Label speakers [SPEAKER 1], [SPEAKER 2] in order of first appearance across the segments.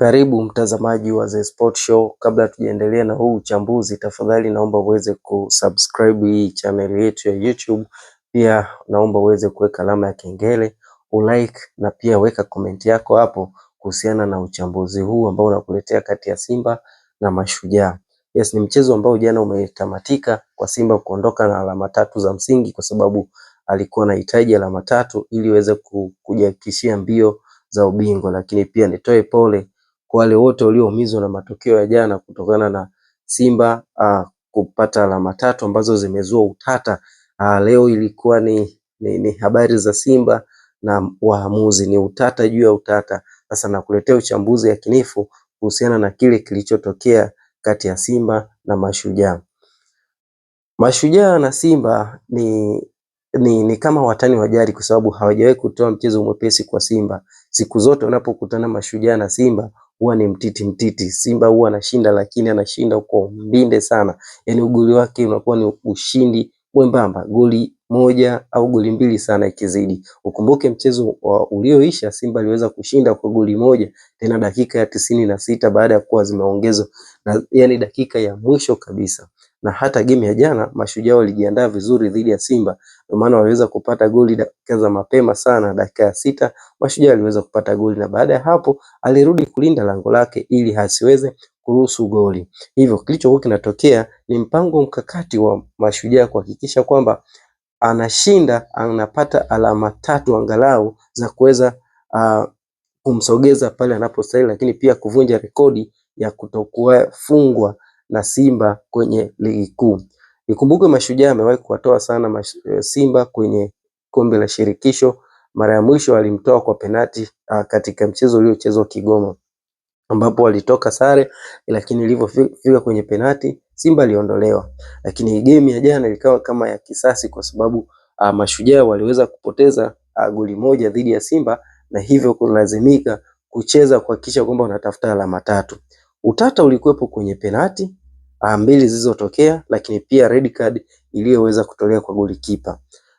[SPEAKER 1] Karibu mtazamaji wa The Sport Show, kabla tujaendelea na huu uchambuzi, tafadhali naomba uweze kusubscribe hii channel yetu ya YouTube. Pia naomba uweze kuweka alama ya kengele, ulike na pia weka komenti yako hapo kuhusiana na uchambuzi huu ambao unakuletea kati ya Simba na Mashujaa. Yes, ni mchezo ambao jana umetamatika kwa Simba kuondoka na alama tatu za msingi, kwa sababu alikuwa anahitaji alama tatu ili iweze kujihakikishia mbio za ubingwa, lakini pia nitoe pole kwa wale wote walioumizwa na matokeo ya jana kutokana na Simba uh, kupata alama tatu ambazo zimezua utata uh, leo ilikuwa ni, ni, ni habari za Simba na waamuzi, ni utata juu ya utata. Sasa nakuletea uchambuzi ya kinifu kuhusiana na kile kilichotokea kati ya Simba na Mashujaa. Mashujaa na Simba ni ni, ni kama watani wa jadi kwa sababu hawajawahi kutoa mchezo mwepesi kwa Simba. Siku zote wanapokutana Mashujaa na Simba huwa ni mtiti mtiti. Simba huwa anashinda, lakini anashinda kwa mbinde sana, yaani ugoli wake unakuwa ni ushindi mwembamba, goli moja au goli mbili sana ikizidi. Ukumbuke mchezo ulioisha Simba aliweza kushinda kwa goli moja, tena dakika ya tisini na sita baada ya kuwa zimeongezwa, yani dakika ya mwisho kabisa na hata game ya jana Mashujaa walijiandaa vizuri dhidi ya Simba, ndio maana waliweza kupata goli dakika za mapema sana. Dakika ya sita Mashujaa waliweza kupata goli, na baada ya hapo alirudi kulinda lango lake ili hasiweze kuruhusu goli. Hivyo kilichokuwa kinatokea ni mpango mkakati wa Mashujaa kuhakikisha kwamba anashinda, anapata alama tatu angalau za kuweza uh, kumsogeza pale anapostahili, lakini pia kuvunja rekodi ya kutokuwa fungwa na Simba kwenye ligi kuu. Ikumbukwe Mashujaa amewahi kuwatoa sana mash, eh, Simba kwenye kombe la shirikisho. Mara ya mwisho alimtoa kwa penati a, ah, katika mchezo uliochezwa Kigoma, ambapo walitoka sare, lakini ilivyofika kwenye penati Simba aliondolewa. Lakini game ya jana ilikawa kama ya kisasi kwa sababu a, ah, Mashujaa waliweza kupoteza ah, goli moja dhidi ya Simba na hivyo kulazimika kucheza kuhakikisha kwamba wanatafuta alama tatu. Utata ulikuwepo kwenye penati Ah, mbili zilizotokea, lakini pia red card iliyoweza kutolewa kwa golikipa.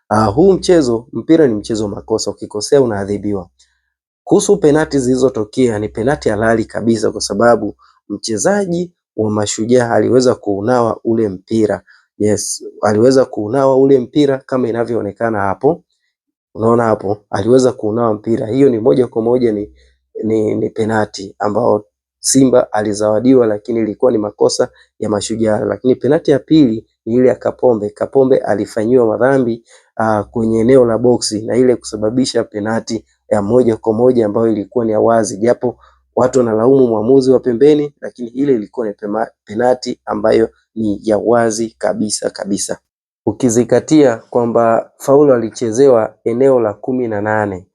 [SPEAKER 1] Ah, huu mchezo mpira ni mchezo wa makosa, ukikosea unaadhibiwa. Kuhusu penati zilizotokea, ni penati halali kabisa, kwa sababu mchezaji wa Mashujaa aliweza kuunawa ule mpira. Yes, aliweza kuunawa ule mpira kama inavyoonekana hapo. Unaona hapo, aliweza kuunawa mpira. Hiyo ni moja kwa moja ni, ni, ni penati ambao Simba alizawadiwa, lakini ilikuwa ni makosa ya Mashujaa. Lakini penati ya pili ni ile ya Kapombe. Kapombe alifanyiwa madhambi uh, kwenye eneo la boksi na ile kusababisha penati ya moja kwa moja ambayo ilikuwa ni ya wazi, japo watu wanalaumu mwamuzi wa pembeni, lakini ile ilikuwa ni penati ambayo ni ya wazi kabisa kabisa, ukizingatia kwamba faulu alichezewa eneo la kumi na nane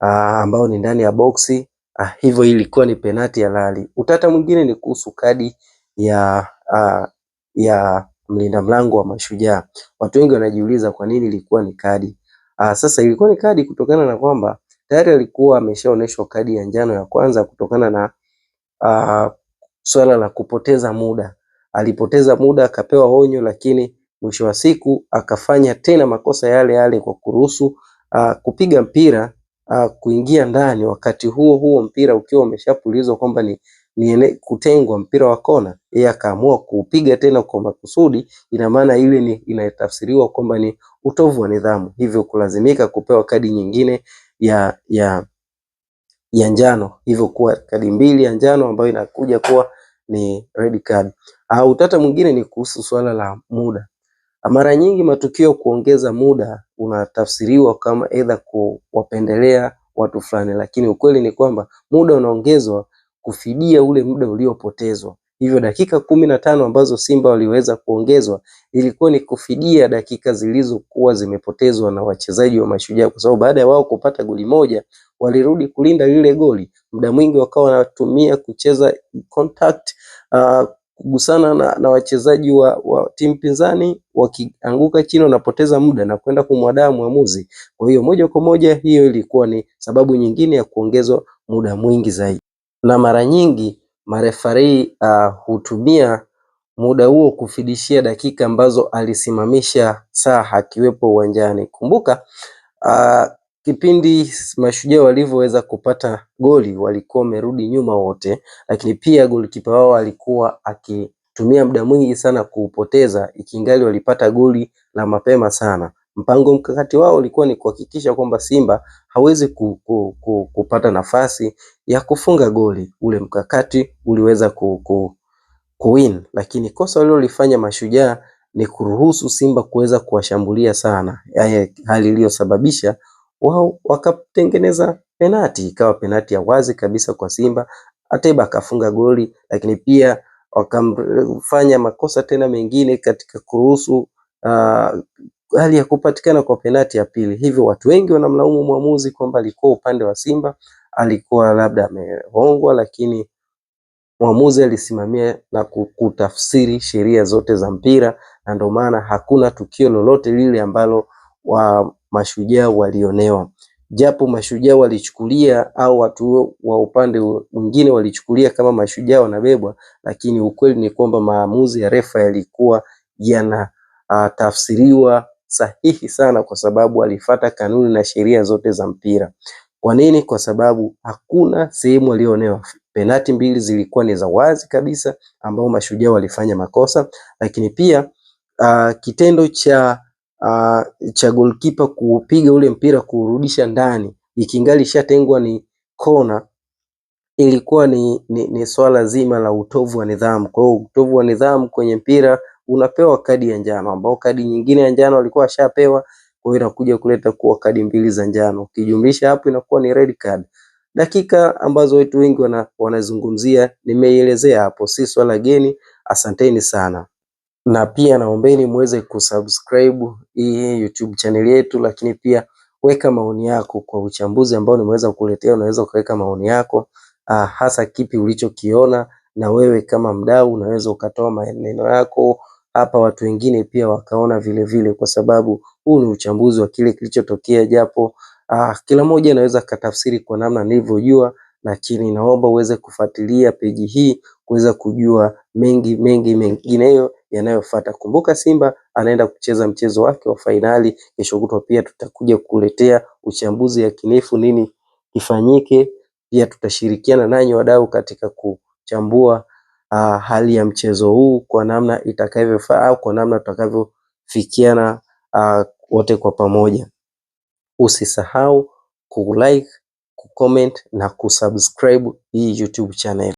[SPEAKER 1] ah, ambao ni ndani ya boksi Ah, hivyo ilikuwa ni penati halali. Utata mwingine ni kuhusu kadi ya ah, ya mlinda mlango wa Mashujaa. Watu wengi wanajiuliza kwa nini ilikuwa ni kadi. Ah, sasa ilikuwa ni kadi kutokana na kwamba tayari alikuwa ameshaoneshwa kadi ya njano ya kwanza kutokana na ah, swala la kupoteza muda. Alipoteza muda akapewa onyo, lakini mwisho wa siku akafanya tena makosa yale yale kwa kuruhusu ah, kupiga mpira Ah, kuingia ndani, wakati huo huo mpira ukiwa umeshapulizwa kwamba ni, niene kutengwa mpira wa kona, yeye akaamua kuupiga tena kwa makusudi. Ina maana ile ni inatafsiriwa kwamba ni utovu wa nidhamu, hivyo kulazimika kupewa kadi nyingine ya ya ya njano, hivyo kuwa kadi mbili ya njano ambayo inakuja kuwa ni red card. Au ah, utata mwingine ni kuhusu swala la muda. Mara nyingi matukio kuongeza muda unatafsiriwa kama aidha kuwapendelea watu fulani, lakini ukweli ni kwamba muda unaongezwa kufidia ule muda uliopotezwa. Hivyo dakika kumi na tano ambazo Simba waliweza kuongezwa ilikuwa ni kufidia dakika zilizokuwa zimepotezwa na wachezaji wa Mashujaa, kwa sababu baada ya wao kupata goli moja walirudi kulinda lile goli, muda mwingi wakawa wanatumia kucheza contact, uh, kugusana na, na wachezaji wa, wa timu pinzani wakianguka chini wanapoteza muda na kwenda kumwadaa mwamuzi. Kwa hiyo moja kwa moja hiyo ilikuwa ni sababu nyingine ya kuongezwa muda mwingi zaidi, na mara nyingi marefari uh, hutumia muda huo kufidishia dakika ambazo alisimamisha saa akiwepo uwanjani. Kumbuka uh, kipindi Mashujaa walivyoweza kupata goli walikuwa wamerudi nyuma wote, lakini pia golikipa wao alikuwa akitumia muda mwingi sana kuupoteza, ikingali walipata goli la mapema sana. Mpango mkakati wao ulikuwa ni kuhakikisha kwamba Simba hawezi ku, ku, ku, kupata nafasi ya kufunga goli. Ule mkakati uliweza ku, ku, win, lakini kosa walilolifanya Mashujaa ni kuruhusu Simba kuweza kuwashambulia sana, hali iliyosababisha wao wakatengeneza penati, ikawa penati ya wazi kabisa kwa Simba. Ateba akafunga goli, lakini pia wakamfanya makosa tena mengine katika kuruhusu uh, hali ya kupatikana kwa penati ya pili. Hivyo watu wengi wanamlaumu mwamuzi kwamba alikuwa upande wa Simba, alikuwa labda amehongwa, lakini mwamuzi alisimamia na kutafsiri sheria zote za mpira, na ndio maana hakuna tukio lolote lile ambalo wa mashujaa walionewa, japo mashujaa walichukulia au watu wa upande mwingine walichukulia kama mashujaa wanabebwa, lakini ukweli ni kwamba maamuzi ya refa yalikuwa yanatafsiriwa sahihi sana, kwa sababu alifata kanuni na sheria zote za mpira. Kwa nini? Kwa sababu hakuna sehemu alionewa. Penati mbili zilikuwa ni za wazi kabisa, ambao mashujaa walifanya makosa, lakini pia uh, kitendo cha uh, cha goalkeeper kupiga ule mpira kurudisha ndani ikingali ishatengwa ni kona, ilikuwa ni, ni, ni swala zima la utovu wa nidhamu. Kwa hiyo utovu wa nidhamu kwenye mpira unapewa kadi ya njano, ambao kadi nyingine ya njano alikuwa ashapewa, kwa hiyo inakuja kuleta kuwa kadi mbili za njano, ukijumlisha hapo inakuwa ni red card. Dakika ambazo watu wengi wanazungumzia nimeielezea hapo, si swala geni. Asanteni sana na pia naombeni muweze kusubscribe hii YouTube channel yetu, lakini pia weka maoni yako kwa uchambuzi ambao nimeweza kukuletea. Unaweza ukaweka maoni yako ah, hasa kipi ulichokiona, na wewe kama mdau unaweza ukatoa maneno yako hapa, watu wengine pia wakaona vile vile, kwa sababu huu ni uchambuzi wa kile kilichotokea, japo ah, kila mmoja anaweza katafsiri kwa namna nilivyojua, lakini naomba uweze kufuatilia peji hii kuweza kujua mengi mengi mengineyo yanayofuata. Kumbuka Simba anaenda kucheza mchezo wake wa fainali kesho kutwa, pia tutakuja kukuletea uchambuzi yakinifu nini kifanyike, pia tutashirikiana nanyi wadau katika kuchambua uh, hali ya mchezo huu kwa namna itakavyofaa au kwa namna tutakavyofikiana uh, wote kwa pamoja. Usisahau kulike, kucomment na kusubscribe hii YouTube channel.